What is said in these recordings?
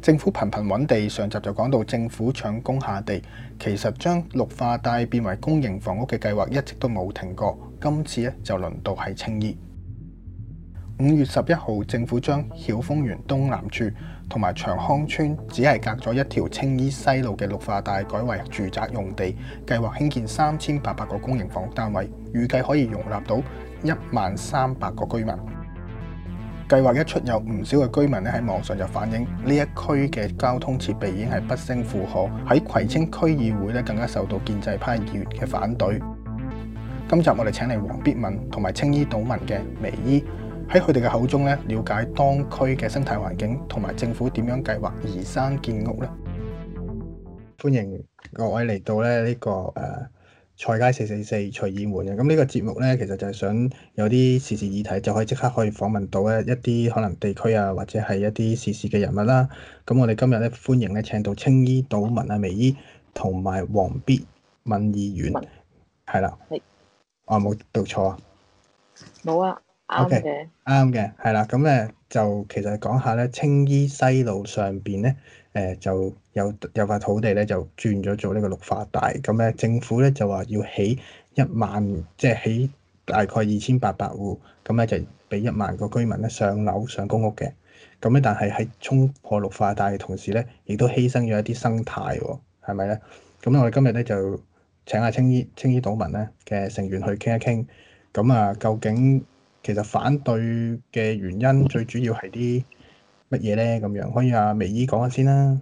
政府頻頻揾地，上集就講到政府搶攻下地，其實將綠化帶變為公營房屋嘅計劃一直都冇停過。今次咧就輪到係青衣。五月十一號，政府將曉峰園東南處同埋長康邨只係隔咗一條青衣西路嘅綠化帶，改為住宅用地，計劃興建三千八百個公營房屋單位，預計可以容納到一萬三百個居民。計劃一出，有唔少嘅居民咧喺網上就反映，呢一區嘅交通設備已經係不勝負荷。喺葵青區議會咧，更加受到建制派議員嘅反對。今集我哋請嚟王必敏同埋青衣島民嘅媚姨，喺佢哋嘅口中咧，了解當區嘅生態環境同埋政府點樣計劃移山建屋咧。歡迎各位嚟到咧、這、呢個、uh 菜街四四四隨意門嘅，咁呢個節目呢，其實就係想有啲時事議題，就可以即刻可以訪問到咧一啲可能地區啊，或者係一啲時事嘅人物啦。咁我哋今日呢，歡迎呢請到青衣島民啊，媚姨同埋王必敏議員，係啦文。我冇讀錯啊？冇啊。O.K. 啱嘅的，係啦。咁誒就其實講下咧，青衣西路上邊咧，誒就有有塊土地咧，就轉咗做呢個綠化帶。咁咧，政府咧就話要起一萬，即係起大概二千八百戶。咁咧就俾一萬個居民咧上樓上公屋嘅。咁咧，但係喺衝破綠化帶同時咧，亦都犧牲咗一啲生態喎，係咪咧？咁我哋今日咧就請下青衣青衣島民咧嘅成員去傾一傾，咁啊，究竟？其實反對嘅原因最主要係啲乜嘢呢？咁樣可以啊，媚姨講下先啦。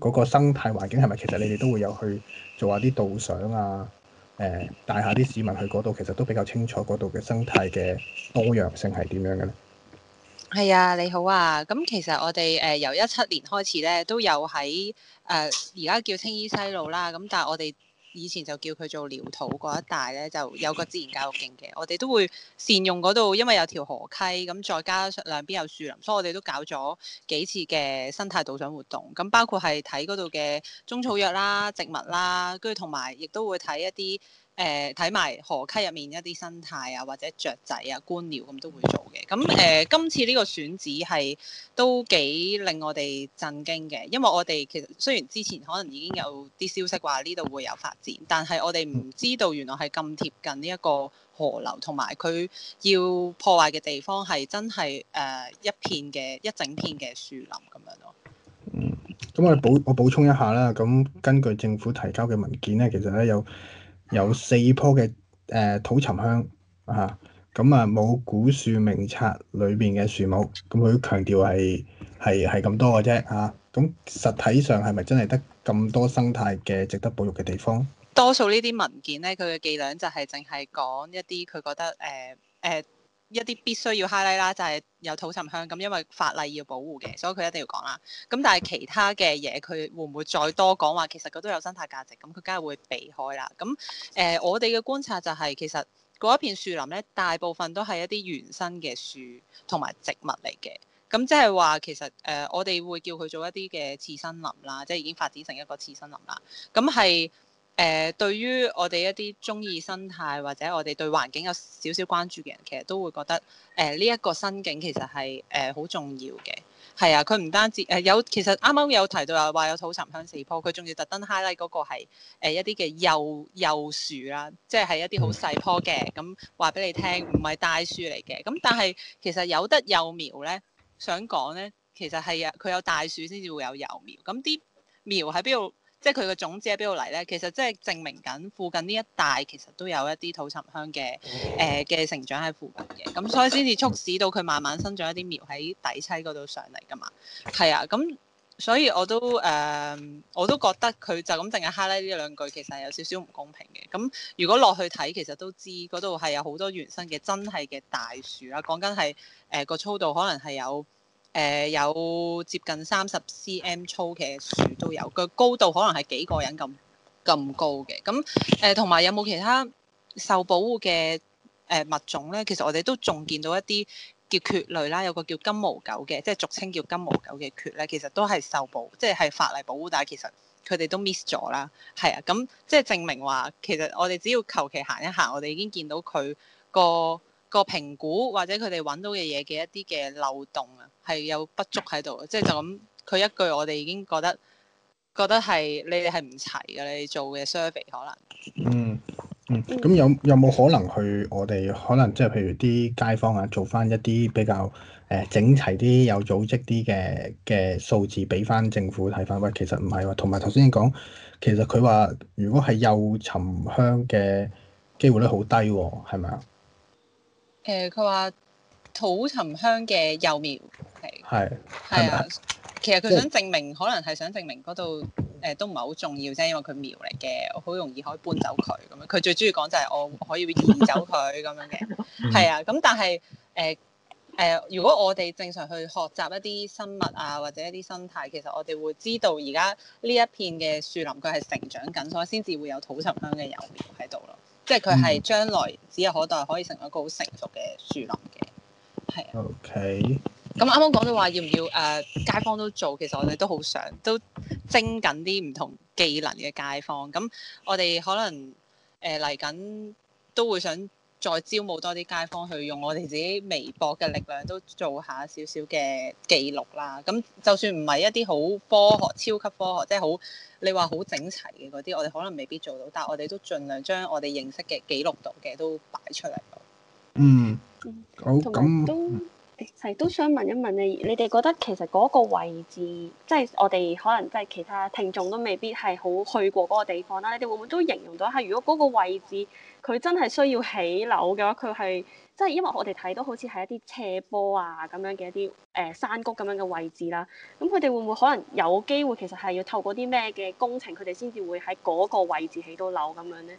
嗰個生態環境係咪其實你哋都會有去做下啲導賞啊？誒，帶下啲市民去嗰度，其實都比較清楚嗰度嘅生態嘅多樣性係點樣嘅咧。係啊，你好啊。咁其實我哋誒由一七年開始咧，都有喺誒而家叫青衣西路啦。咁但係我哋以前就叫佢做寮土嗰一帶咧，就有個自然教育徑嘅。我哋都會善用嗰度，因為有條河溪，咁再加上兩邊有樹林，所以我哋都搞咗幾次嘅生態導賞活動，咁包括係睇嗰度嘅中草藥啦、植物啦，跟住同埋亦都會睇一啲。誒睇埋河溪入面一啲生態啊，或者雀仔啊、觀鳥咁都會做嘅。咁誒、呃，今次呢個選址係都幾令我哋震驚嘅，因為我哋其實雖然之前可能已經有啲消息話呢度會有發展，但係我哋唔知道原來係咁貼近呢一個河流，同埋佢要破壞嘅地方係真係誒、呃、一片嘅一整片嘅樹林咁樣咯。嗯，咁我補我補充一下啦。咁根據政府提交嘅文件咧，其實咧有。有四棵嘅誒土沉香啊，咁啊冇古樹名冊裏邊嘅樹木，咁、啊、佢強調係係係咁多嘅啫嚇，咁、啊啊、實體上係咪真係得咁多生態嘅值得保育嘅地方？多數呢啲文件咧，佢嘅伎倆就係淨係講一啲佢覺得誒誒。呃呃一啲必須要 highlight 啦，就係有土沉香咁，因為法例要保護嘅，所以佢一定要講啦。咁但係其他嘅嘢，佢會唔會再多講話？其實佢都有生態價值，咁佢梗係會避開啦。咁、嗯、誒、呃，我哋嘅觀察就係、是、其實嗰一片樹林咧，大部分都係一啲原生嘅樹同埋植物嚟嘅。咁即係話其實誒、呃，我哋會叫佢做一啲嘅次生林啦，即係已經發展成一個次生林啦。咁、嗯、係。誒、呃，對於我哋一啲中意生態或者我哋對環境有少少關注嘅人，其實都會覺得誒呢一個新景其實係誒好重要嘅。係啊，佢唔單止誒有、呃，其實啱啱有提到話有土沉香四棵，佢仲要特登 highlight 嗰個係、呃、一啲嘅幼幼樹啦，即係係一啲好細棵嘅，咁話俾你聽，唔係大樹嚟嘅。咁、嗯、但係其實有得幼苗咧，想講咧，其實係啊，佢有大樹先至會有幼苗。咁、嗯、啲苗喺邊度？即係佢個種子喺邊度嚟咧？其實即係證明緊附近呢一帶其實都有一啲土沉香嘅誒嘅成長喺附近嘅，咁所以先至促使到佢慢慢生長一啲苗喺底棲嗰度上嚟㗎嘛。係啊，咁所以我都誒、呃、我都覺得佢就咁淨係蝦咧呢兩句其實係有少少唔公平嘅。咁如果落去睇，其實都知嗰度係有好多原生嘅真係嘅大樹啦。講緊係誒個粗度可能係有。誒、呃、有接近三十 cm 粗嘅樹都有個高度，可能係幾個人咁咁高嘅咁誒，同埋、呃、有冇其他受保護嘅誒物種咧？其實我哋都仲見到一啲叫蕨類啦，有個叫金毛狗嘅，即係俗稱叫金毛狗嘅蕨咧，其實都係受保，即係係法例保護，但係其實佢哋都 miss 咗啦。係啊，咁即係證明話，其實我哋只要求其行一行，我哋已經見到佢個個評估或者佢哋揾到嘅嘢嘅一啲嘅漏洞啊。係有不足喺度，即係就咁，是，佢一句我哋已經覺得覺得係你哋係唔齊嘅，你，你做嘅 survey 可能。嗯嗯，咁、嗯、有有冇可能去我哋可能即係譬如啲街坊啊，做翻一啲比較誒整齊啲、有組織啲嘅嘅數字俾翻政府睇翻？喂，其實唔係喎，同埋頭先講，其實佢話如果係幼沉香嘅機會率好低喎，係咪啊？誒，佢話、呃、土沉香嘅幼苗。係。係啊，其實佢想證明，可能係想證明嗰度誒都唔係好重要啫，因為佢苗嚟嘅，我好容易可以搬走佢咁樣。佢最鍾意講就係我可以移走佢咁 樣嘅。係啊，咁但係誒誒，如果我哋正常去學習一啲生物啊，或者一啲生態，其實我哋會知道而家呢一片嘅樹林佢係成長緊，所以先至會有土沉香嘅幼苗喺度咯。即係佢係將來只有可待可以成為一個好成熟嘅樹林嘅。係啊。O K。咁啱啱講到話要唔要誒、uh, 街坊都做，其實我哋都好想都徵緊啲唔同技能嘅街坊。咁我哋可能誒嚟緊都會想再招募多啲街坊去用我哋自己微博嘅力量，都做下少少嘅記錄啦。咁就算唔係一啲好科學、超級科學，即係好你話好整齊嘅嗰啲，我哋可能未必做到，但係我哋都盡量將我哋認識嘅記錄度嘅都擺出嚟。嗯，好咁。其實都想問一問你，你哋覺得其實嗰個位置，即係我哋可能即係其他聽眾都未必係好去過嗰個地方啦。你哋會唔會都形容到下，如果嗰個位置佢真係需要起樓嘅話，佢係即係因為我哋睇到好似係一啲斜坡啊咁樣嘅一啲誒山谷咁樣嘅位置啦。咁佢哋會唔會可能有機會其實係要透過啲咩嘅工程，佢哋先至會喺嗰個位置起到樓咁樣咧？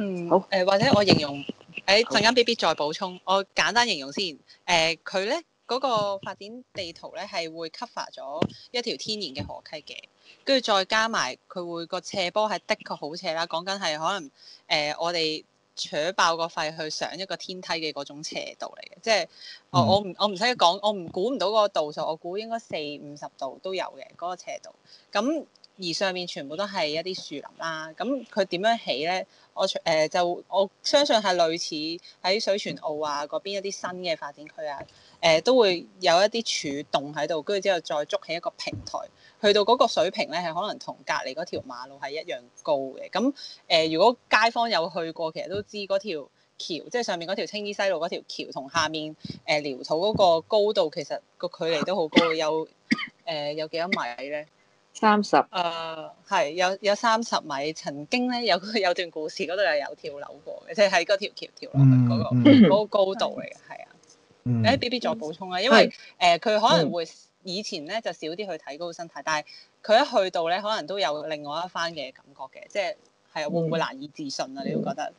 嗯，好、呃。誒或者我形容誒，陣間 B B 再補充。我簡單形容先。誒佢咧嗰個發展地圖咧係會 cover 咗一條天然嘅河溪嘅，跟住再加埋佢會個斜坡係的確好斜啦。講緊係可能誒、呃，我哋扯爆個肺去上一個天梯嘅嗰種斜度嚟嘅，即係我、嗯、我唔我唔使講，我唔估唔到個度數，我估應該四五十度都有嘅嗰、嗰個斜度。咁而上面全部都係一啲樹林啦，咁佢點樣起呢？我誒就我相信係類似喺水泉澳啊嗰邊一啲新嘅發展區啊，誒、呃、都會有一啲柱洞喺度，跟住之後再築起一個平台，去到嗰個水平呢，係可能同隔離嗰條馬路係一樣高嘅。咁誒、呃，如果街坊有去過，其實都知嗰條橋，即、就、係、是、上面嗰條青衣西路嗰條橋，同下面誒寮、呃、土嗰個高度，其實個距離都好高，有誒、呃、有幾多米呢？三十，誒係 30.、uh, 有有三十米。曾經咧有有段故事，嗰度又有跳樓過嘅，即係喺嗰條橋跳樓嗰、那個嗰、mm hmm. 個高度嚟嘅，係啊。誒、mm hmm. B B 再補充啦，因為誒佢、mm hmm. 呃、可能會以前咧就少啲去睇高生態，但係佢一去到咧，可能都有另外一番嘅感覺嘅，即係係、啊、會唔會難以置信啊？Mm hmm. 你都覺得？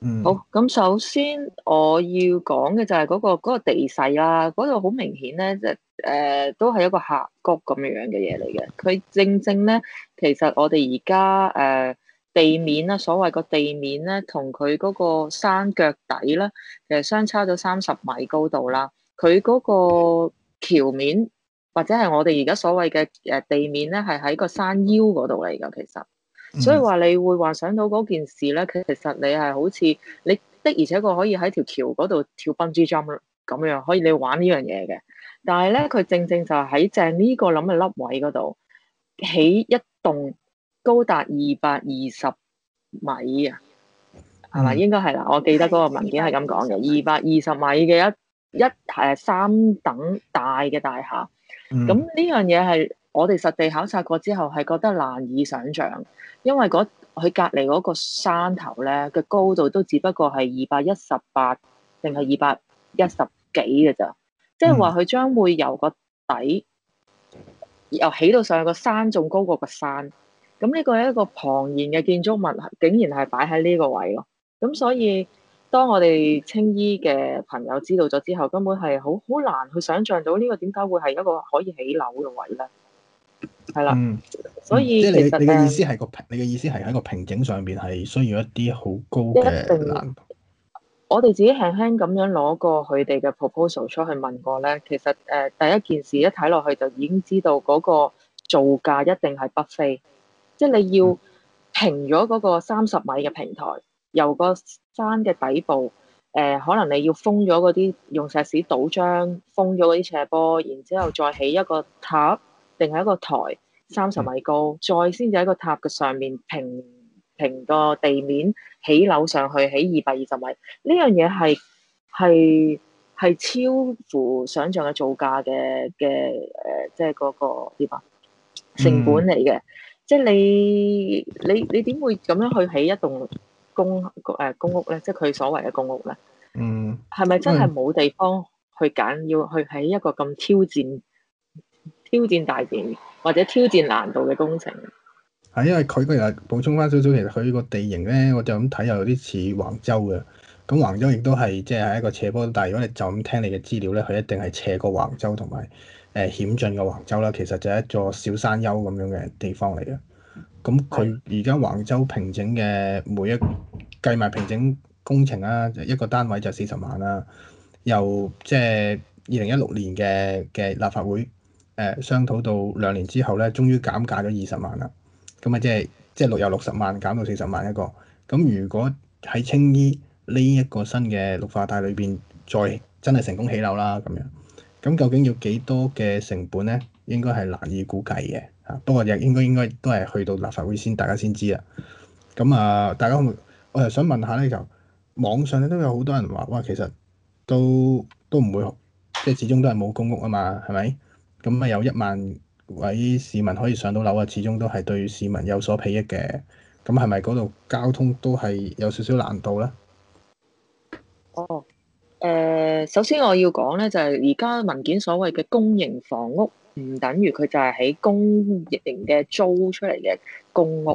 嗯、mm。Hmm. 好，咁首先我要講嘅就係嗰、那個那個地勢啊，嗰度好明顯咧，即係。誒、呃，都係一個峽谷咁樣樣嘅嘢嚟嘅。佢正正咧，其實我哋而家誒地面啦，所謂個地面咧，同佢嗰個山腳底咧，其實相差咗三十米高度啦。佢嗰個橋面或者係我哋而家所謂嘅誒地面咧，係喺個山腰嗰度嚟噶。其實，所以話你會幻想到嗰件事咧，其實你係好似你的，而且確可以喺條橋嗰度跳蹦珠 jump 咁樣，可以你玩呢樣嘢嘅。但係咧，佢、嗯、正正就喺正呢個諗嘅粒位嗰度起一棟高達二百二十米啊，係咪吧？應該係啦，我記得嗰個文件係咁講嘅，二百二十米嘅一一係三等大嘅大廈。咁呢、嗯、樣嘢係我哋實地考察過之後係覺得難以想像，因為佢隔離嗰個山頭咧嘅高度都只不過係二百一十八定係二百一十幾嘅咋。嗯即係話佢將會由個底，由起到上個山仲高過個山。咁呢個係一個龐然嘅建築物，竟然係擺喺呢個位咯。咁所以，當我哋青衣嘅朋友知道咗之後，根本係好好難去想像到呢個點解會係一個可以起樓嘅位咧。係啦，嗯、所以即係你你嘅意思係個，嗯、你嘅意思係喺個平整上邊係需要一啲好高嘅難我哋自己輕輕咁樣攞過佢哋嘅 proposal 出去問過呢。其實誒、呃、第一件事一睇落去就已經知道嗰個造價一定係不菲，即係你要平咗嗰個三十米嘅平台，由個山嘅底部誒、呃，可能你要封咗嗰啲用石屎倒漿，封咗嗰啲斜坡，然之後再起一個塔定係一個台三十米高，再先至喺個塔嘅上面平平個地面。起樓上去起二百二十米，呢樣嘢係係係超乎想像嘅造價嘅嘅誒，即係嗰、那個點啊、這個、成本嚟嘅、嗯呃。即係你你你點會咁樣去起一棟公誒公屋咧？即係佢所謂嘅公屋咧。嗯，係咪真係冇地方去揀？要去喺一個咁挑戰、嗯、挑戰大碟或者挑戰難度嘅工程？係，因為佢嗰日補充翻少少，其實佢個地形咧，我就咁睇又有啲似橫州嘅。咁橫州亦都係即係係一個斜坡，但係如果你就咁聽你嘅資料咧，佢一定係斜過橫州同埋誒險峻嘅橫州啦。其實就一座小山丘咁樣嘅地方嚟嘅。咁佢而家橫州平整嘅每一計埋平整工程啦、啊，一個單位就四十萬啦、啊。又即係二零一六年嘅嘅立法會誒、呃、商討到兩年之後咧，終於減價咗二十萬啦。咁啊，即係即係六由六十萬減到四十萬一個。咁如果喺青衣呢一個新嘅綠化帶裏邊，再真係成功起樓啦咁樣，咁究竟要幾多嘅成本咧？應該係難以估計嘅嚇。不過又應該應該都係去到立法會先，大家先知啊。咁啊，大家有有，我又想問下咧，就網上咧都有好多人話，哇，其實都都唔會即係始終都係冇公屋啊嘛，係咪？咁啊，有一萬位市民可以上到樓啊，始終都係對市民有所裨益嘅。咁係咪嗰度交通都係有少少難度呢？哦，誒，首先我要講呢，就係而家文件所謂嘅公營房屋唔等於佢就係喺公營嘅租出嚟嘅公屋，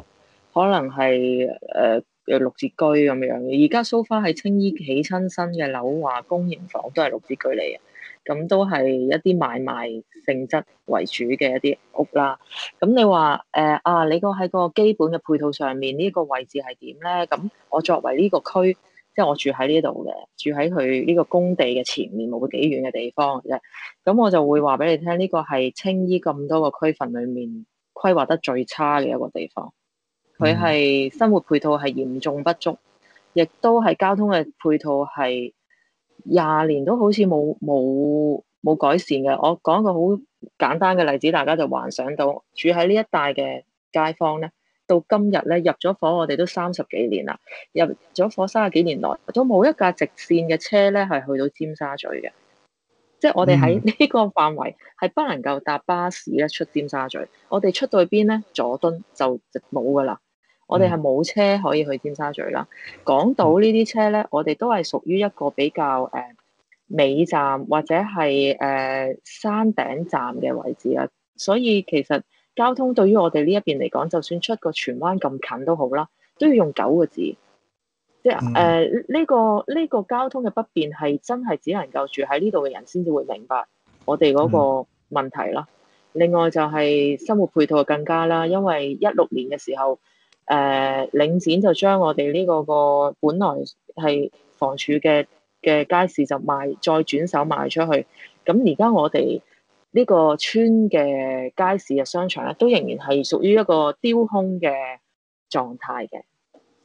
可能係誒誒綠置居咁樣嘅。而家 so far 係青衣起親新嘅樓，話公營房都係綠置居嚟嘅。咁都係一啲買賣性質為主嘅一啲屋啦。咁你話誒、呃、啊，你個喺個基本嘅配套上面呢個位置係點呢？咁我作為呢個區，即係我住喺呢度嘅，住喺佢呢個工地嘅前面冇幾遠嘅地方嘅。咁我就會話俾你聽，呢個係青衣咁多個區份裡面規劃得最差嘅一個地方。佢係生活配套係嚴重不足，亦都係交通嘅配套係。廿年都好似冇冇冇改善嘅。我講個好簡單嘅例子，大家就幻想到住喺呢一帶嘅街坊咧，到今日咧入咗伙，我哋都三十幾年啦。入咗伙三十幾年來，都冇一架直綫嘅車咧係去到尖沙咀嘅。即係我哋喺呢個範圍係不能夠搭巴士咧出尖沙咀。我哋出到去邊咧？佐敦就直冇噶啦。我哋係冇車可以去尖沙咀啦。港島呢啲車呢，我哋都係屬於一個比較誒尾、呃、站或者係誒、呃、山頂站嘅位置啊。所以其實交通對於我哋呢一邊嚟講，就算出個荃灣咁近都好啦，都要用九個字，即係呢、呃呢個呢、呢個交通嘅不便係真係只能夠住喺呢度嘅人先至會明白我哋嗰個問題咯。嗯、另外就係生活配套更加啦，因為一六年嘅時候，誒、呃、領展就將我哋呢、這個個本來係房署嘅嘅街市就賣，再轉手賣出去。咁而家我哋呢個村嘅街市嘅商場咧，都仍然係屬於一個丟空嘅狀態嘅。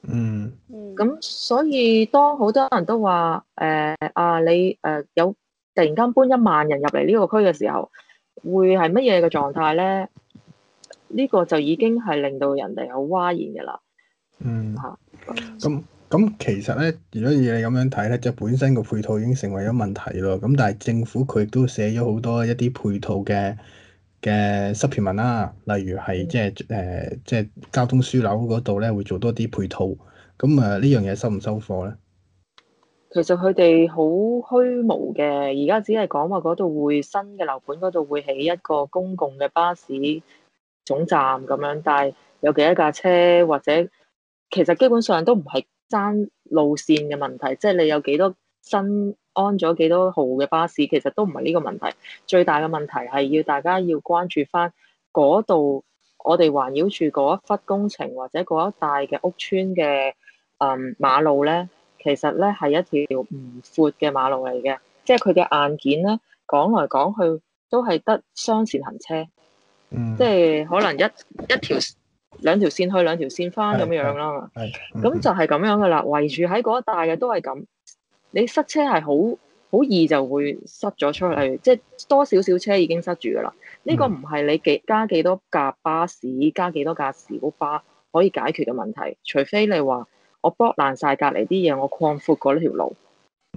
嗯、mm。咁、hmm. 所以當好多人都話誒、呃、啊，你誒、呃、有突然間搬一萬人入嚟呢個區嘅時候，會係乜嘢嘅狀態咧？呢個就已經係令到人哋好嘩然嘅啦。嗯，嚇，咁咁其實咧，如果以你咁樣睇咧，就本身個配套已經成為咗問題咯。咁但係政府佢都寫咗好多一啲配套嘅嘅 supplement 啊，例如係即係誒即係交通樞紐嗰度咧，會做多啲配套。咁啊，呢樣嘢收唔收貨咧？其實佢哋好虛無嘅，而家只係講話嗰度會新嘅樓盤嗰度會起一個公共嘅巴士總站咁樣，但係有幾多架車，或者其實基本上都唔係爭路線嘅問題，即係你有幾多新安咗幾多號嘅巴士，其實都唔係呢個問題。最大嘅問題係要大家要關注翻嗰度，我哋環繞住嗰一忽工程或者嗰一帶嘅屋村嘅嗯馬路咧，其實咧係一條唔闊嘅馬路嚟嘅，即係佢嘅硬件咧，講嚟講去都係得雙線行車。嗯、即係可能一一條兩條線去兩條線翻咁樣啦，咁、嗯嗯、就係咁樣噶啦，圍住喺嗰一帶嘅都係咁。你塞車係好好易就會塞咗出去，即係多少少車已經塞住噶啦。呢、嗯、個唔係你幾加幾多架巴士，加幾多架小巴可以解決嘅問題。除非你話我 block 爛晒隔籬啲嘢，我擴闊過呢條路，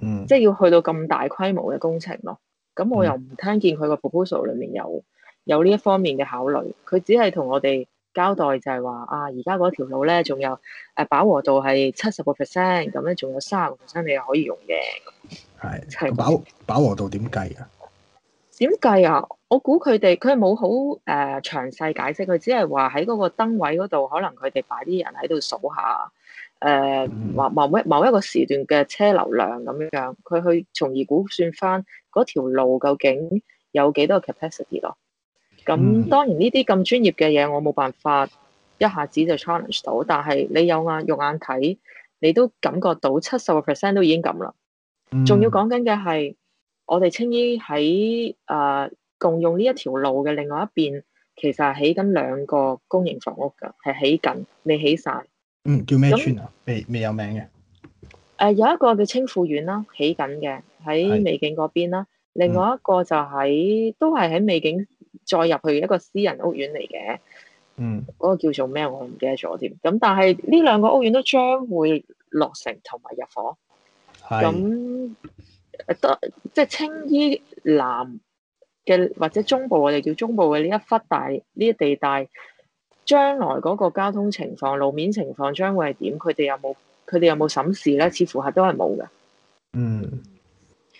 嗯、即係要去到咁大規模嘅工程咯。咁我又唔聽見佢個 proposal 裏面有。有呢一方面嘅考慮，佢只係同我哋交代就係話啊，而家嗰條路咧，仲有誒飽和度係七十個 percent，咁咧仲有三十個 percent 你係可以用嘅。係的，係飽的飽和度點計啊？點計啊？我估佢哋佢係冇好誒詳細解釋，佢只係話喺嗰個燈位嗰度，可能佢哋擺啲人喺度數下誒，或某一某一個時段嘅車流量咁樣，佢去從而估算翻嗰條路究竟有幾多個 capacity 咯。咁、嗯、當然呢啲咁專業嘅嘢，我冇辦法一下子就 challenge 到。但係你有眼肉眼睇，你都感覺到七十個 percent 都已經咁啦。仲要講緊嘅係，嗯、我哋青衣喺誒、呃、共用呢一條路嘅另外一邊，其實係起緊兩個公營房屋㗎，係起緊未起晒，嗯，叫咩邨啊？那未未有名嘅。誒、呃、有一個叫青富苑啦，起緊嘅喺美景嗰邊啦。嗯、另外一個就喺都係喺美景。再入去一個私人屋苑嚟嘅，嗯，嗰個叫做咩？我唔記得咗添。咁但係呢兩個屋苑都將會落成同埋入伙。係是。咁得即係青衣南嘅或者中部，我哋叫中部嘅呢一忽大呢一地帶，將來嗰個交通情況、路面情況將會係點？佢哋有冇佢哋有冇審視咧？似乎係都係冇嘅。嗯。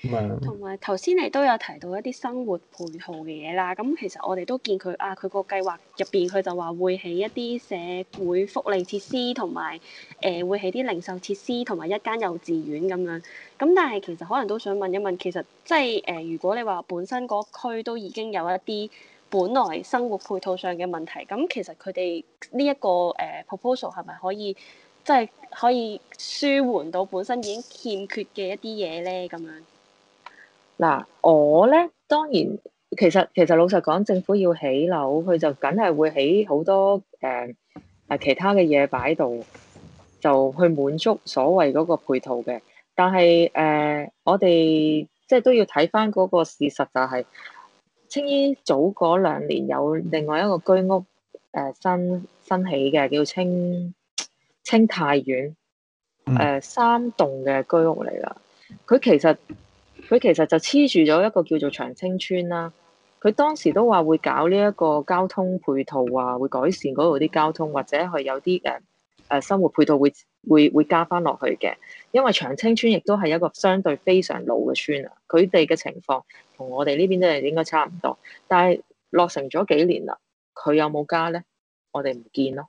同埋頭先你都有提到一啲生活配套嘅嘢啦，咁其實我哋都見佢啊，佢個計劃入邊佢就話會起一啲社會福利設施，同埋誒會起啲零售設施，同埋一間幼稚園咁樣。咁但係其實可能都想問一問，其實即係誒，如果你話本身嗰區都已經有一啲本來生活配套上嘅問題，咁其實佢哋呢一個誒、呃、proposal 係咪可以即係、即係、可以舒緩到本身已經欠缺嘅一啲嘢咧咁樣？嗱，我咧當然，其實其實老實講，政府要起樓，佢就梗係會起好多誒誒、呃、其他嘅嘢擺度，就去滿足所謂嗰個配套嘅。但係誒、呃，我哋即係都要睇翻嗰個事實、就係，就係青衣早嗰兩年有另外一個居屋誒、呃、新新起嘅叫青青泰苑，誒、呃、三棟嘅居屋嚟啦。佢其實佢其實就黐住咗一個叫做長青村啦、啊，佢當時都話會搞呢一個交通配套啊，會改善嗰度啲交通，或者係有啲誒誒生活配套會會會加翻落去嘅。因為長青村亦都係一個相對非常老嘅村啊，佢哋嘅情況同我哋呢邊都係應該差唔多，但係落成咗幾年啦，佢有冇加咧？我哋唔見咯。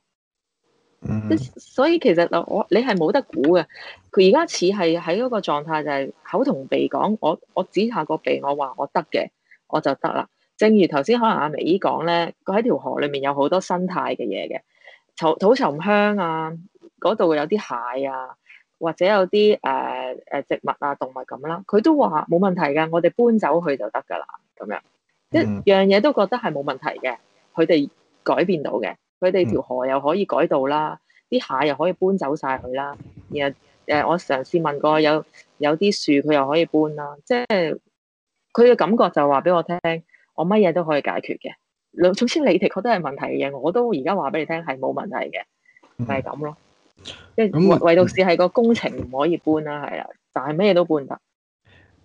Mm hmm. 所以其實我你係冇得估嘅，佢而家似係喺嗰個狀態就係口同鼻講，我我指下個鼻，我話我得嘅，我就得啦。正如頭先可能阿媚姨講咧，佢喺條河裏面有好多生態嘅嘢嘅，土土沉香啊，嗰度有啲蟹啊，或者有啲誒誒植物啊、動物咁啦，佢都話冇問題噶，我哋搬走去就得噶啦，咁樣、mm hmm. 一樣嘢都覺得係冇問題嘅，佢哋改變到嘅。佢哋條河又可以改道啦，啲蟹又可以搬走晒佢啦。然後誒、呃，我嘗試問過有有啲樹佢又可以搬啦，即係佢嘅感覺就話俾我聽，我乜嘢都可以解決嘅。兩，總之你哋覺得係問題嘅嘢，我都而家話俾你聽係冇問題嘅，係咁咯。即係唯唯獨是係個工程唔可以搬啦，係啦，但係咩都搬得。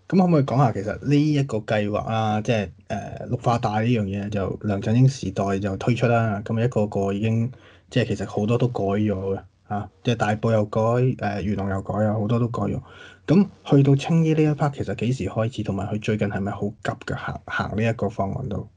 咁可唔可以講下其實呢一個計劃啊，即係誒綠化帶呢樣嘢就梁振英時代就推出啦、啊。咁一個個已經即係其實好多都改咗嘅嚇，即係大埔又改誒，元朗又改啊，好多都改咗。咁去到青衣呢一 part，其實幾時開始，同埋佢最近係咪好急嘅行行呢一個方案都？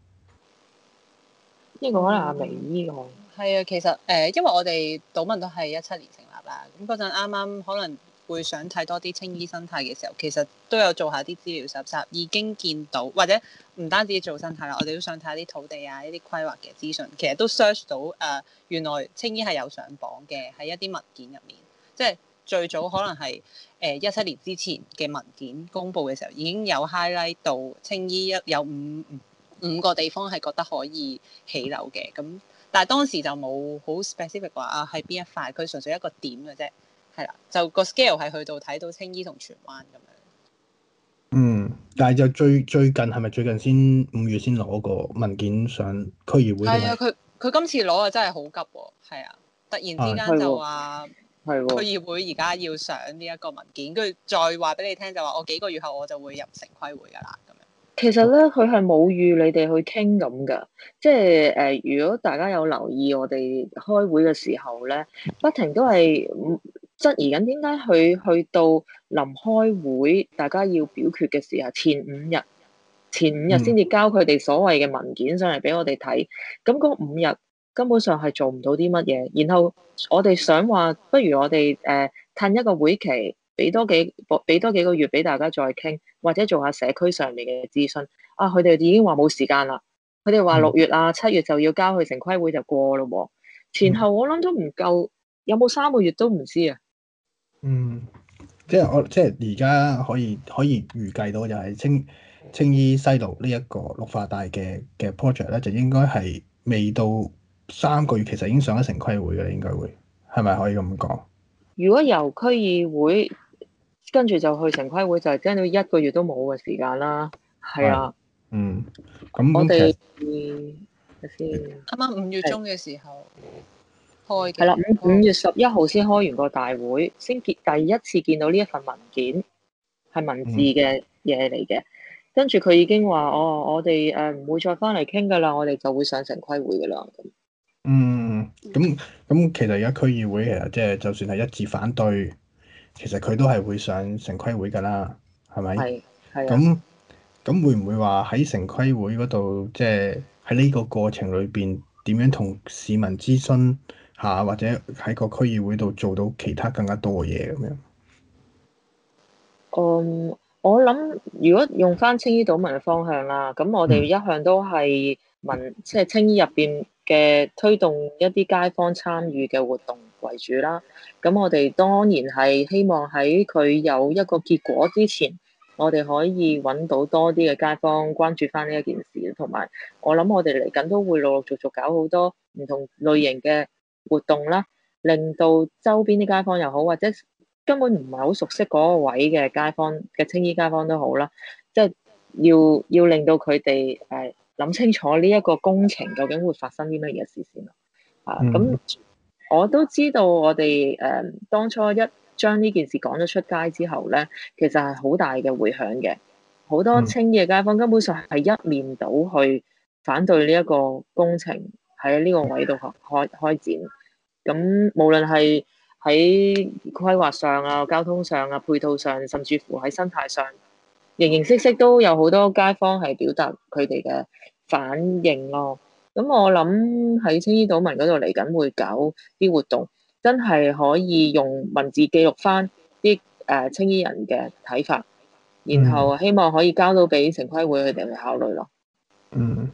呢個可能阿媚姨講。係啊，其實誒、呃，因為我哋島民都係一七年成立啦，咁嗰陣啱啱可能。會想睇多啲青衣生態嘅時候，其實都有做下啲資料蒐集，已經見到或者唔單止做生態啦，我哋都想睇下啲土地啊、一啲規劃嘅資訊。其實都 search 到誒、呃，原來青衣係有上榜嘅喺一啲文件入面，即係最早可能係誒一七年之前嘅文件公布嘅時候，已經有 highlight 到青衣一有五五五個地方係覺得可以起樓嘅，咁但係當時就冇好 specific 話啊喺邊一塊，佢純粹一個點嘅啫。係啦，就個 scale 係去到睇到青衣同荃灣咁樣。嗯，但係就最最近係咪最近先五月先攞個文件上區議會？係啊，佢佢今次攞啊真係好急喎，係啊，突然之間就話係喎，區議會而家要上呢一個文件，跟住、啊、再話俾你聽就話我幾個月後我就會入城規會㗎啦咁樣。其實咧，佢係冇預你哋去傾咁㗎，即係誒，如果大家有留意我哋開會嘅時候咧，不停都係質疑緊點解佢去到臨開會，大家要表決嘅時候，前五日前五日先至交佢哋所謂嘅文件上嚟，俾我哋睇。咁嗰、嗯、五日根本上係做唔到啲乜嘢。然後我哋想話，不如我哋誒、褪、呃、一個會期，俾多幾俾多幾個月俾大家再傾，或者做下社區上面嘅諮詢。啊，佢哋已經話冇時間啦。佢哋話六月啊、七月就要交去城規會就過啦。前後我諗都唔夠，有冇三個月都唔知啊。嗯，即係我即係而家可以可以預計到就係青青衣西路呢一個綠化帶嘅嘅 project 咧，pro ject，就應該係未到三個月，其實已經上咗城規會嘅，應該會係咪可以咁講？如果由區議會跟住就去城規會，就係聽到一個月都冇嘅時間啦。係啊，啊，嗯，我哋睇先，啱啱五月中嘅時候。係啦，五月十一號先開完個大會，先結第一次見到呢一份文件係文字嘅嘢嚟嘅。嗯，跟住佢已經話哦，我哋誒唔會再翻嚟傾噶啦，我哋就會上城規會噶啦。嗯，咁咁其實而家區議會其實即係就算係一致反對，其實佢都係會上城規會噶啦，係咪？係係。咁咁會唔會話喺城規會嗰度，即係喺呢個過程裏邊點樣同市民諮詢？嚇，或者喺個區議會度做到其他更加多嘅嘢咁樣。嗯，我諗如果用翻青衣島民嘅方向啦，咁我哋一向都係民即係青衣入邊嘅推動一啲街坊參與嘅活動為主啦。咁我哋當然係希望喺佢有一個結果之前，我哋可以揾到多啲嘅街坊關注翻呢一件事，同埋我諗我哋嚟緊都會陸陸續續搞好多唔同類型嘅活動啦，令到周邊啲街坊又好，或者根本唔係好熟悉嗰個位嘅街坊嘅青衣街坊都好啦，即係要要令到佢哋誒諗清楚呢一個工程究竟會發生啲乜嘢事先啊。咁、嗯、我都知道我，我哋誒當初一將呢件事講咗出街之後咧，其實係好大嘅迴響嘅，好多青衣嘅街坊根本上係一面倒去反對呢一個工程喺呢個位度開開開展。咁，無論係喺規劃上啊、交通上啊、配套上，甚至乎喺生態上，形形色色都有好多街坊係表達佢哋嘅反應咯。咁我諗喺青衣島民嗰度嚟緊會搞啲活動，真係可以用文字記錄翻啲誒青衣人嘅睇法，然後希望可以交到俾城規會佢哋去考慮咯。嗯，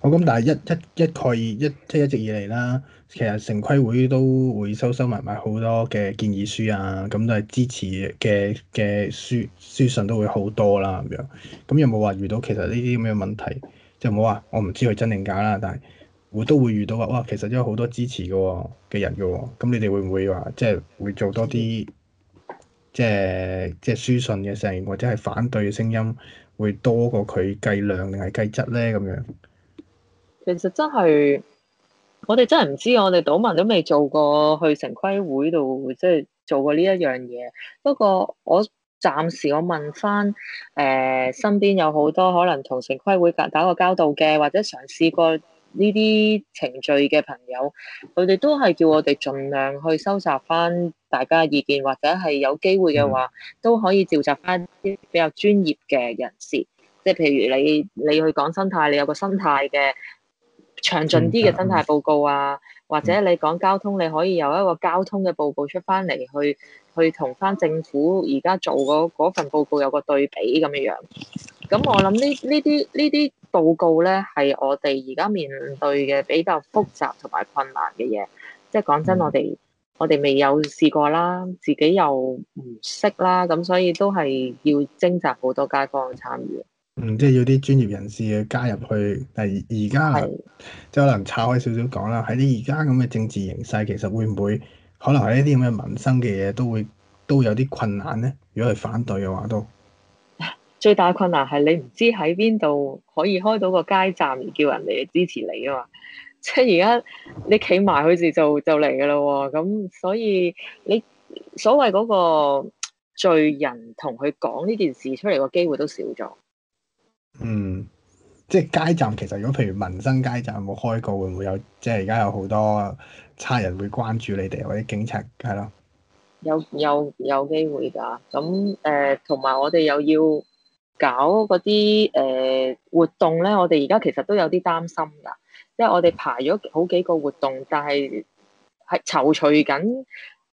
好咁，但係一一一概一即係一,一直以嚟啦。其實城規會都會收收埋埋好多嘅建議書啊，咁都係支持嘅嘅書書信都會好多啦咁樣。咁有冇話遇到其實呢啲咁嘅問題，就冇話我唔知佢真定假啦，但係會都會遇到啊。哇，其實有好多支持嘅嘅人嘅喎，咁你哋會唔會話即係會做多啲即係即係書信嘅聲音，或者係反對嘅聲音會多過佢計量定係計質咧咁樣？其實真係。我哋真係唔知，我哋島民都未做過去城規會度，即係做過呢一樣嘢。不過我暫時我問翻誒、呃、身邊有好多可能同城規會打打過交道嘅，或者嘗試過呢啲程序嘅朋友，佢哋都係叫我哋盡量去收集翻大家嘅意見，或者係有機會嘅話都可以召集翻啲比較專業嘅人士，即係譬如你你去講生態，你有個生態嘅。詳盡啲嘅生態報告啊，或者你講交通，你可以由一個交通嘅報告出翻嚟，去去同翻政府而家做嗰份報告有個對比咁嘅樣。咁我諗呢呢啲呢啲報告咧，係我哋而家面對嘅比較複雜同埋困難嘅嘢。即係講真，我哋我哋未有試過啦，自己又唔識啦，咁所以都係要徵集好多街坊參與。嗯，即係要啲專業人士嘅加入去。但係而家即係可能岔開少少講啦。喺啲而家咁嘅政治形勢，其實會唔會可能喺呢啲咁嘅民生嘅嘢都會都有啲困難咧？如果係反對嘅話，都最大困難係你唔知喺邊度可以開到個街站而叫人嚟支持你啊嘛！即係而家你企埋佢哋就就嚟噶啦喎。咁所以你所謂嗰個罪人同佢講呢件事出嚟個機會都少咗。嗯，即係街站，其實如果譬如民生街站有冇開過，會唔會有？即係而家有好多差人會關注你哋，或者警察係咯。有有機、呃、有機會噶，咁誒，同埋我哋又要搞嗰啲誒活動咧，我哋而家其實都有啲擔心噶，即係我哋排咗好幾個活動，但係係躊躇緊。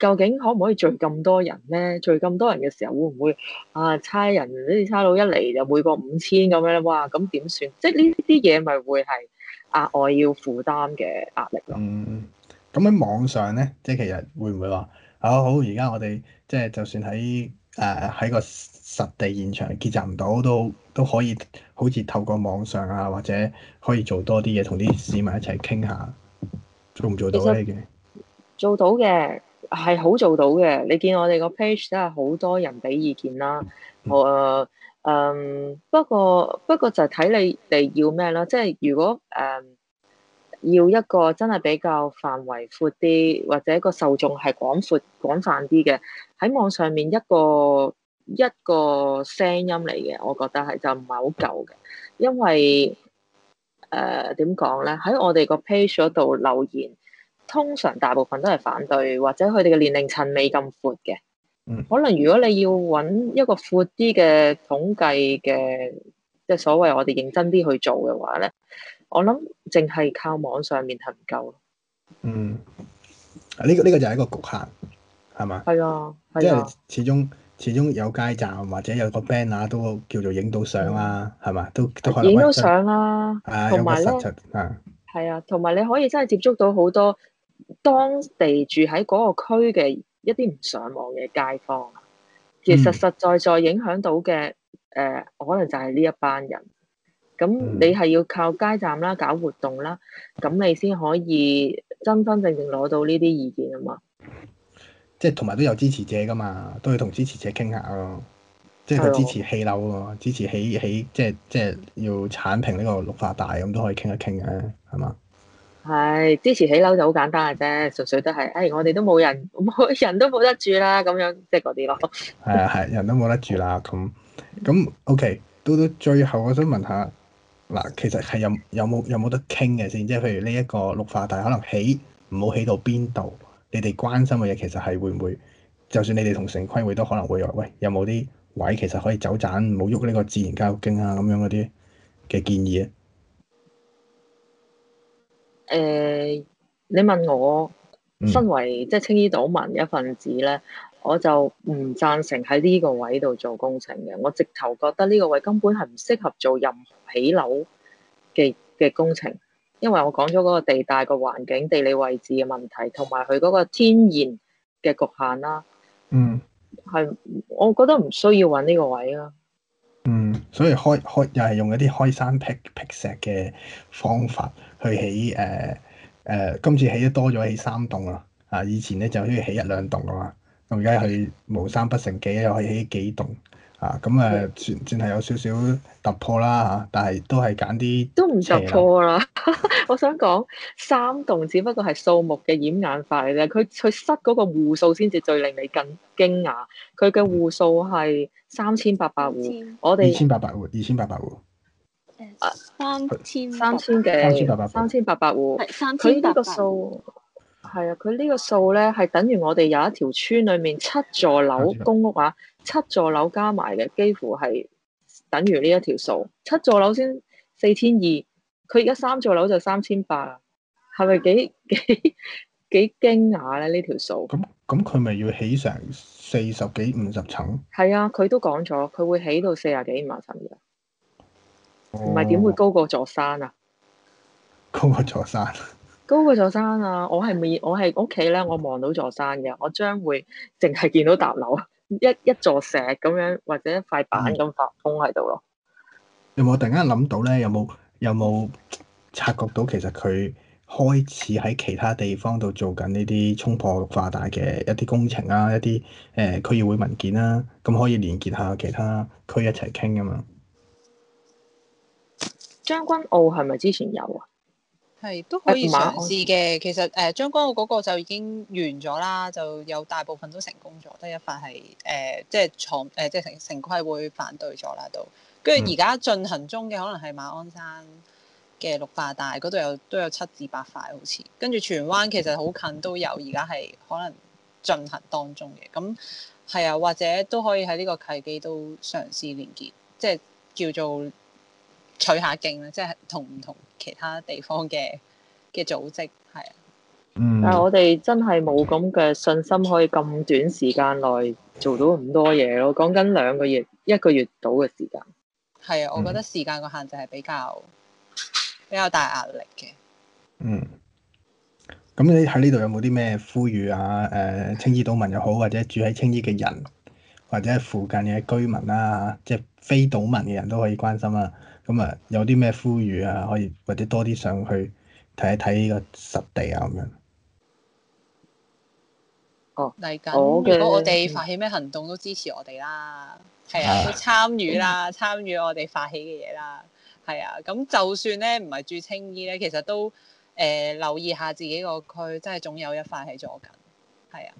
究竟可唔可以聚咁多人咧？聚咁多人嘅時候會會，會唔會啊差人啲差佬一嚟就每個五千咁樣咧？哇！咁點算？即係呢啲嘢咪會係額外要負擔嘅壓力咯。嗯，咁喺網上咧，即係其實會唔會話啊、哦、好？而家我哋即係就算喺誒喺個實地現場結集唔到，都都可以好似透過網上啊，或者可以做多啲嘢，同啲市民一齊傾下，做唔做到呢嘅？做到嘅。係好做到嘅，你見我哋個 page 真係好多人俾意見啦。我、呃、誒嗯，不過不過就睇你哋要咩咯。即係如果誒、嗯、要一個真係比較範圍闊啲，或者個受眾係廣闊廣泛啲嘅，喺網上面一個一個聲音嚟嘅，我覺得係就唔係好夠嘅，因為誒點講咧？喺、呃、我哋個 page 嗰度留言。通常大部分都係反對，或者佢哋嘅年齡層未咁闊嘅，可能如果你要揾一個闊啲嘅統計嘅，即係所謂我哋認真啲去做嘅話咧，我諗淨係靠網上面係唔夠。嗯，呢個呢個就係一個局限，係嘛？係啊，即係始終始終有街站或者有個 band 啊，都叫做影到相啊，係嘛？都都影到相啦，同埋咧，啊，係啊，同埋你可以真係接觸到好多。當地住喺嗰個區嘅一啲唔上網嘅街坊，其實實在在影響到嘅，誒、嗯呃，可能就係呢一班人。咁、嗯嗯、你係要靠街站啦，搞活動啦，咁你先可以真真正正攞到呢啲意見啊嘛。即係同埋都有支持者噶嘛，都要同支持者傾下咯。即係佢支持起樓咯，是的 支持起起，即係即係要剷平呢個綠化帶咁，都可以傾一傾嘅，係嘛？係、哎，支持起樓就好簡單嘅啫，純粹都係，誒、哎，我哋都冇人，人都、就是啊啊，人都冇得住啦，咁樣即係嗰啲咯。係啊，係，人都冇得住啦，咁咁 OK。到到最後，我想問下，嗱，其實係有有冇有冇得傾嘅先，即係譬如呢一個綠化帶，可能起唔好起到邊度？你哋關心嘅嘢其實係會唔會，就算你哋同城規會都可能會有。喂，有冇啲位其實可以走盞冇喐呢個自然教育徑啊？咁樣嗰啲嘅建議啊？誒，嗯、你問我，身為即係青衣島民一份子咧，我就唔贊成喺呢個位度做工程嘅。我直頭覺得呢個位根本係唔適合做任何起樓嘅嘅工程，因為我講咗嗰個地帶個環境、地理位置嘅問題，同埋佢嗰個天然嘅局限啦。嗯，係，我覺得唔需要搵呢個位啊，嗯，所以開開又係用一啲開山劈劈石嘅方法。去起誒誒、呃呃，今次起得多咗，起三棟啦。啊，以前咧就可以起一兩棟噶嘛。咁而家去無三不成幾，可以起幾棟啊？咁、嗯、誒、嗯啊，算算係有少少突破啦嚇、啊，但係都係揀啲都唔突破啦。嗯嗯、我想講三棟只不過係數目嘅掩眼法嚟啫，佢佢塞嗰個戶數先至最令你更驚訝。佢嘅戶數係三千八百戶，我哋二千八百戶，二千八百戶。三千、啊、三千幾，三千八百，三千八百戶，係三千八百，佢呢個數係啊，佢呢個數咧係等於我哋有一條村裏面七座樓公屋啊，七座樓加埋嘅幾乎係等於呢一條數。七座樓先四千二，佢而家三座樓就三千八，係咪幾幾幾驚訝咧？呢條數咁咁，佢咪、啊、要起成四十幾五十層？係啊，佢都講咗，佢會起到四十幾五十層嘅。唔係點會高過座山啊？高過座山？高過座山啊！山啊 我係面，我係屋企咧，我望到座山嘅。我將會淨係見到搭樓，一一座石咁樣，或者一塊板咁發風喺度咯。嗯、有冇突然間諗到咧？有冇有冇察覺到其實佢開始喺其他地方度做緊呢啲衝破綠化帶嘅一啲工程啦、啊，一啲誒、呃、區議會文件啦、啊，咁可以連結下其他區一齊傾啊嘛～將軍澳係咪之前有啊？係都可以嘗試嘅。安其實誒，將、呃、軍澳嗰個就已經完咗啦，就有大部分都成功咗，得一塊係誒，即係廠誒，即係城城規會反對咗啦都。跟住而家進行中嘅可能係馬鞍山嘅綠化帶，嗰度有都有七至八塊好似。跟住荃灣其實好近都有，而家係可能進行當中嘅。咁係啊，或者都可以喺呢個契機都嘗試連結，即係叫做。取下勁啦，即係同唔同其他地方嘅嘅組織係啊。嗯、但係我哋真係冇咁嘅信心，可以咁短時間內做到咁多嘢咯。講緊兩個月、一個月到嘅時間，係啊，我覺得時間個限制係比較、嗯、比較大壓力嘅。嗯，咁你喺呢度有冇啲咩呼籲啊？誒、呃，青衣島民又好，或者住喺青衣嘅人，或者附近嘅居民啊，即係非島民嘅人都可以關心啊。咁啊，有啲咩呼籲啊，可以或者多啲上去睇一睇呢個實地啊，咁樣。哦，嚟緊，如果我哋發起咩行動，都支持我哋啦。係啊，啊參與啦，參與我哋發起嘅嘢啦。係啊，咁就算咧唔係住青衣咧，其實都誒、呃、留意下自己個區，真係總有一塊喺左近。係啊，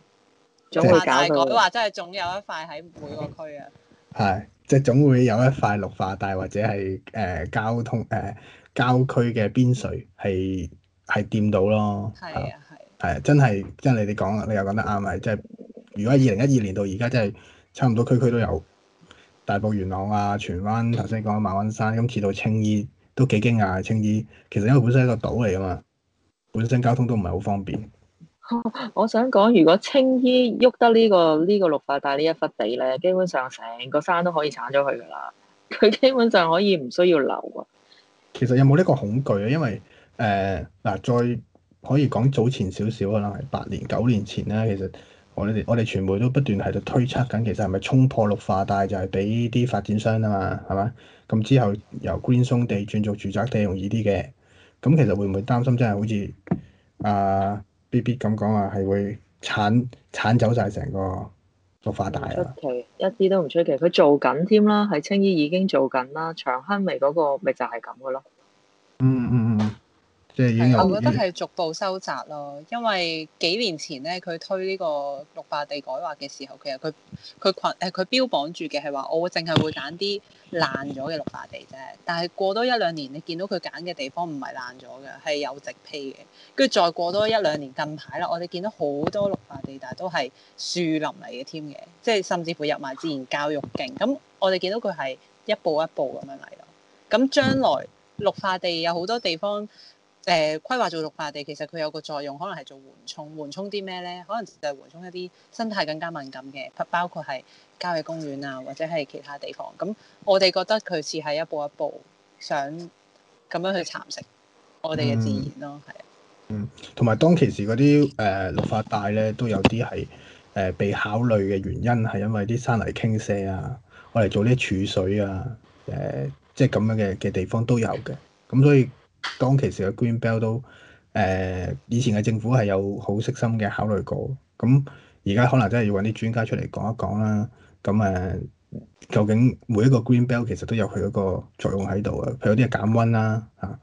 總話大概都話，真係總有一塊喺每個區啊。係、啊。即係總會有一塊綠化帶，或者係誒、呃、交通誒郊、呃、區嘅邊陲係係掂到咯。係啊的，係係啊，真係即係你哋講啦，你又講得啱係。即係如果二零一二年到而家，真係差唔多區區都有大埔、元朗啊、荃灣頭先講馬鞍山，咁似到青衣都幾驚嘅。青衣其實因為本身係個島嚟啊嘛，本身交通都唔係好方便。我想講，如果青衣喐得呢、呢個呢、呢個綠化帶呢一忽地咧，基本上成個山都可以剷咗佢噶啦。佢基本上可以唔需要留。其實有冇呢個恐懼啊？因為誒嗱、呃，再可以講早前少少，可能係八年九年前啦。其實我哋我哋全部都不斷喺度推測緊，其實係咪沖破綠化帶就係俾啲發展商啊嘛？係嘛？咁之後由 green zone 地轉做住宅地容易啲嘅。咁其實會唔會擔心，真係好似啊？呃 B B 咁講啊，係會剷剷走晒成個綠化帶出奇，一啲都唔出奇，佢做緊添啦，喺青衣已經做緊啦，長亨味嗰個咪就係咁嘅咯。嗯嗯嗯。 我覺得係逐步收窄咯，因為幾年前咧，佢推呢個綠化地改劃嘅時候，其實佢佢群誒佢標榜住嘅係話，我淨係會揀啲爛咗嘅綠化地啫。但係過多一兩年，你見到佢揀嘅地方唔係爛咗嘅，係有植被嘅。跟住再過多一兩年，近排啦，我哋見到好多綠化地，但係都係樹林嚟嘅，添嘅，即係甚至乎入埋自然教育徑。咁我哋見到佢係一步一步咁樣嚟咯。咁將來綠化地有好多地方。誒、呃、規劃做綠化地，其實佢有個作用，可能係做緩衝，緩衝啲咩咧？可能就係緩衝一啲生態更加敏感嘅，包括係郊野公園啊，或者係其他地方。咁我哋覺得佢似係一步一步想咁樣去蠶食我哋嘅自然咯，係啊、嗯。嗯，同埋當其時嗰啲誒綠化帶咧，都有啲係誒被考慮嘅原因，係因為啲山泥傾瀉啊，我哋做啲儲水啊，誒、呃、即係咁樣嘅嘅地方都有嘅。咁所以。當其時嘅 Green Belt 都，誒、呃、以前嘅政府係有好悉心嘅考慮過，咁而家可能真係要揾啲專家出嚟講一講啦。咁、嗯、誒，究竟每一個 Green Belt 其實都有佢嗰個作用喺度啊，佢有啲係減温啦嚇，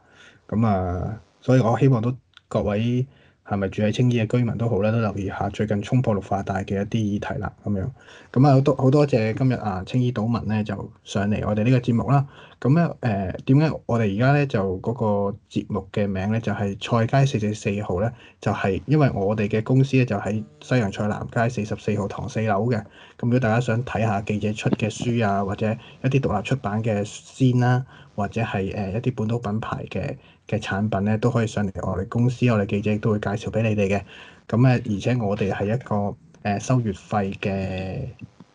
咁、嗯、啊，所以我希望都各位。係咪住喺青衣嘅居民都好咧，都留意下最近衝破綠化帶嘅一啲議題啦，咁樣。咁啊好多好多謝今日啊青衣島民咧就上嚟我哋呢個節目啦。咁咧誒點解我哋而家咧就嗰個節目嘅名咧就係菜街四四四號咧，就係因為我哋嘅公司咧就喺西洋菜南街四十四號唐四樓嘅。咁如果大家想睇下記者出嘅書啊，或者一啲獨立出版嘅先啦，或者係誒一啲本土品牌嘅。嘅產品咧都可以上嚟我哋公司，我哋記者都會介紹俾你哋嘅。咁咧，而且我哋係一個誒收月費嘅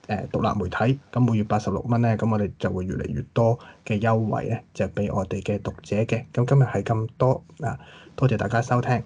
誒獨立媒體。咁每月八十六蚊咧，咁我哋就會越嚟越多嘅優惠咧，就俾我哋嘅讀者嘅。咁今日係咁多啊，多謝大家收聽。